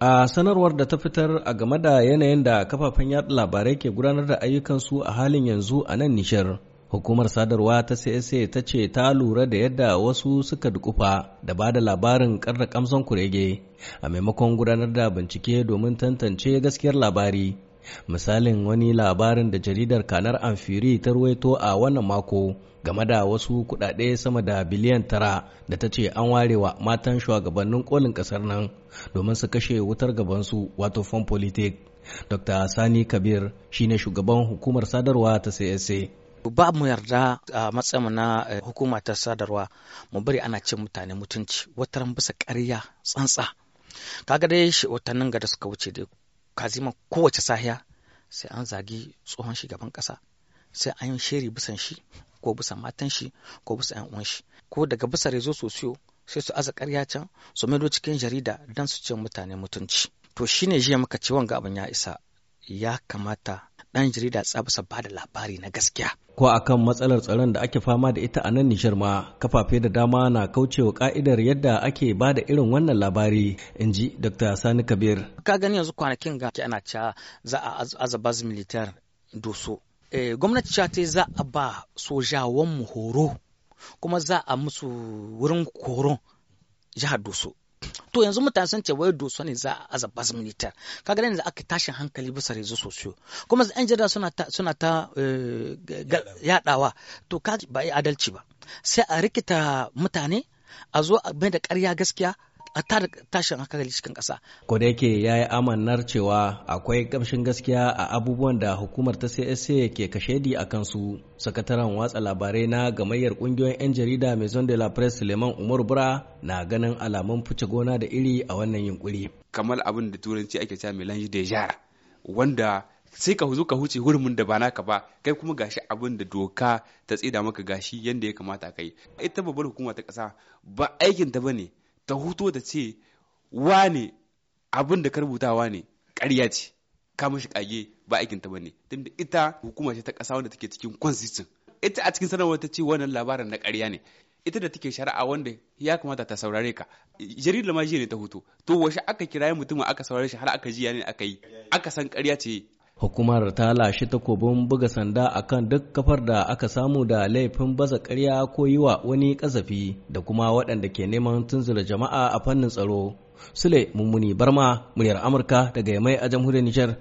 A sanarwar da ta fitar a game da yanayin da kafafen yaɗa labarai ke gudanar da ayyukansu a halin yanzu a nan Nishar, hukumar sadarwa ta CSA ta ce ta lura da yadda wasu suka dukufa da ba da labarin karra kamson kurege a maimakon gudanar da bincike domin tantance gaskiyar labari. Misalin wani labarin da jaridar Kanar Amfiri ta ruwaito a wannan mako game da wasu kuɗaɗe sama da biliyan tara da ta ce an ware wa matan shugabannin kolin ƙasar nan domin su kashe wutar gabansu wato fan politik. Dr. Sani Kabir shine shugaban hukumar sadarwa ta CSA. ba mu yarda a matsayin na eh, hukuma ta sadarwa mu bari ana cin mutane mutunci wataran bisa ƙarya tsantsa kaga dai watannin ga suka wuce dai kazima kowace sahiya sai an zagi tsohon shugaban ƙasa sai an yi shiri bisan shi ko bisa matan shi ko bisa yan uwan shi ko daga bisa rezo sosiyo sai su aza karya can su maido cikin jarida don su ce mutane mutunci to shine jiya muka ciwon wanga abin ya isa ya kamata ɗan jarida tsabasa ba da labari na gaskiya. Ko a kan matsalar tsaron da ake fama da ita a nan Nijar ma kafafe da dama na kaucewa ka'idar yadda ake ba da irin wannan labari in ji Dr. Sani Kabir. Ka gani yanzu kwanakin ga ana ca za a azabaz militar doso. Eh, gwamnati ta ta za a ba sojawan mu horo kuma za a musu wurin koron jihar doso. to yanzu mutane sun ce wai doso ne za a zaba su militar kaga yanzu aka tashin hankali bisa rezo sosiyo kuma yan jarida suna ta suna ta eh, yadawa to ka ba yi adalci ba sai a rikita mutane a zo a bai da ƙarya gaskiya tada tashin hankali cikin ƙasa. Ko da yake ya yi amannar cewa akwai gamshin gaskiya a abubuwan da hukumar ta CSA ke kashedi a kansu. Sakataren watsa labarai na gamayyar ƙungiyoyin 'yan jarida Maison de la Presse Suleiman Umar Bura na ganin alamun fice gona da iri a wannan yunkuri. Kamar abin da turanci ake cewa melange de jar wanda sai ka zo ka huce hurumin da ba naka ba kai kuma gashi abin da doka ta tsida maka gashi yanda ya kamata kai ita babbar hukuma ta ƙasa ba aikin ta bane ta huto da ce wane abin da ka wa ne ƙarya ce kama shi ƙage ba aikin ta bane tunda ita hukuma ce ta ƙasa wanda take cikin konsistin ita a cikin sanarwar ta ce wannan labarin na ƙarya ne ita da take shari'a wanda ya kamata ta saurare ka jaridar ma ne ta hutu to washe aka kira mutumin aka saurare shi har aka ji ne aka yi aka san ƙarya ce Hukumar ta lashe takobin buga sanda akan duk kafar da aka samu da laifin baza karya ko yi wa wani ƙazafi da kuma waɗanda ke neman tunzula jama'a a fannin tsaro. Sule Mummuni Barma, muryar Amurka daga Yamai a jamhuriyar Nijar.